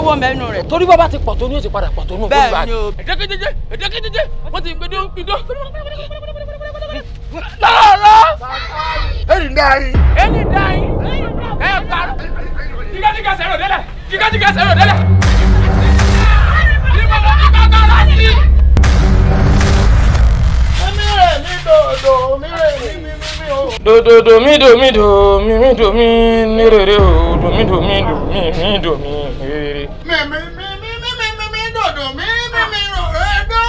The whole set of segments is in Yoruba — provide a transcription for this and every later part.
sówó mẹ́nu rẹ̀. torí bọ́ bá ti pọ̀ tó ní o ti padà pọ̀ tó ní o. bẹ́ẹ̀ ni o. ẹ̀dẹ́kẹ́jẹ́jẹ́ ẹ̀dẹ́kẹ́jẹ́jẹ́ wọ́n ti gbẹdọ́ gbẹdọ́. lọ́rọ̀. ẹni dáin. ẹni dáin. ẹ pa. jíkàjíkà sẹ́rọ̀ délẹ̀ jíkàjíkà sẹ́rọ̀ délẹ̀. Do do domi domi domi mi domi ni rere o domi domi domi mi domi rere. mi mi mi mi mi mi mi mi dodo mi mi mi rere do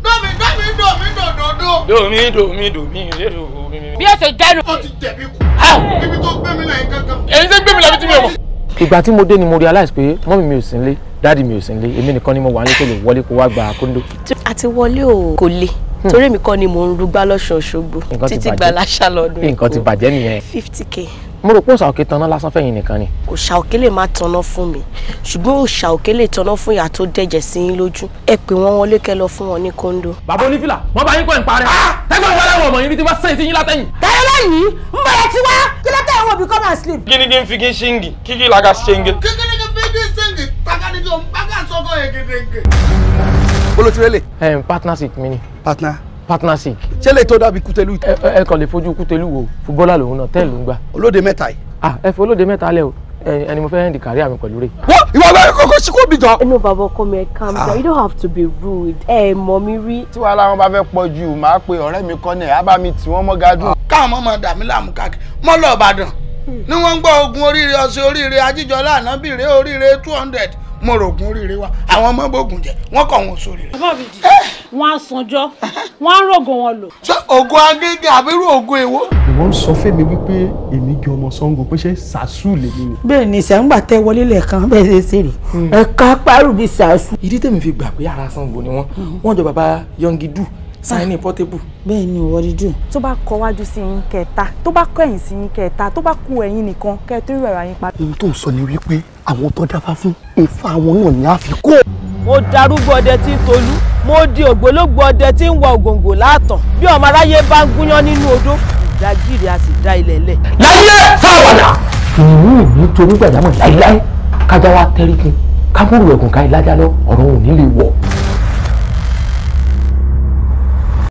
do do do do domi domi domi dododo. domi domi domi rere o mi mi. bí o ṣe jẹnu. o ti jẹ̀bi kù. ibi tó gbé mi náà yín kankan. èyí ṣe gbé mi làbí tí mi ò mọ̀. ìgbà tí mo dé ni mo realize pé mọ́mí mi ò sí nílé dáàdi mi ò sí nílé èmi nìkan ni mo wà nílé kó lè wọlé kó wá gba kóńdó. àti wọlé o kò le Hmm. torí èmi kọ́ ni mò ń rúgbá lọ́sàn Òṣogbo títí gba láṣà lọ́dún èkó nǹkan ti bàjẹ́ nìyẹn. fifty k. mo rò pé òòṣà òkè tanná lásán fẹ̀yìn nìkan ni. òòṣà òkè lè má tanná fún mi ṣùgbọ́n òòṣà òkè lè tanná fún ìyá tó dẹ̀jẹ̀ sí yín lójú ẹ pé wọ́n wọlé kẹ́ lọ fún wọn ní kóńdó. bàbá onífìlà wọn bá yín kọ́ ń parẹ́. Ah! tẹ́gbọ́n wọlé wọn mọ̀ yín tí wọ́n sẹ́yìn sí yín látẹ̀yìn. táyọ̀ lẹ́yìn ń bẹ̀rẹ̀ tiwa kí ló tẹ̀ bí come sleep. kíni kí n fi kí ṣíngì kíkí làgà ṣéǹgì. kíkí ni kí n fi kí ṣíngì takanijọ́ ń bá kà partnership mi partner. partner sick. ṣé lè tó kutelu. kútẹ́lù. ẹ ẹ kàn lè fojú kútẹ́lù wo fúbọ́là lòun náà tẹ́ẹ̀ ló ń gbà. olóde mẹ́ta yìí. ah ẹ fi olóde mẹ́ta lẹ o ẹni mo fẹ́ hẹ́ndì kárí àmì pẹ̀lú rẹ̀. wọ́n ìwọ bẹ́ẹ̀ kọ́kọ́ sí kó bì jọ. inú bàbá ọkọ mi ẹ calm ah. down you don't have to be rude ẹ mọ̀ mi rí. tí wàhálà wọn bá fẹ́ pọ̀ jù máa pe ọ̀rẹ́ mi kọ́ni ẹ̀ á bá mi tì wọ́n mọ́ gádùn. Ah. káwọn ọmọ dàmí làmú káàkiri mọ́ lọ́ọ́ bàdàn hmm. ni wọ́n ń gbọ́ ogun oríire ọ̀sẹ̀ oríire ajíjọlá ànábìrè oríire two hundred mo rògùn oríire wa àwọn ọmọ bògùn jẹ wọn kọ wọn sórí rẹ. bàbá mi dì wọn á sanjọ wọn á rògùn wọn lò. ṣé oògùn agége àbírú oògùn èwo. ìwọ ń sọ fẹmi wípé èmi jẹ ọmọ Ṣàngó pé ṣé sàásù lèmi ni. bẹ́ẹ̀ ni sàǹgbà tẹ wọlé lẹ́ẹ̀kan bẹ́ẹ̀ ṣe ṣe rè hmm. ẹka pàrọ̀ bíi sàásù. ìdí tèmi fi gbà pé ara Ṣàngó ni wọn wọn jọ bàbá yọngidu sáyẹnì portable. bẹ́ẹ̀ ni ìwọ dídùn. tó bá kọ wájú sí yín kẹta tó bá kọ ẹ̀yìn sí yín kẹta tó bá kù ẹ̀yìn nìkan kẹ ẹ tó rí pa. ohun tó ń sọ ni wípé àwọn tó dáfá fún ìfà àwọn náà ni a fi kó. mo darúgbó ọdẹ tí ń tolú mo di ògbólógbò ọdẹ tí ń wọ ògòǹgò láàtàn bí ọmọ aráyé bá ń gúnyán nínú odó ìdágìrì a sì dá ilẹ̀ lẹ̀. láyé fáwọnà. ìlú ìlú torí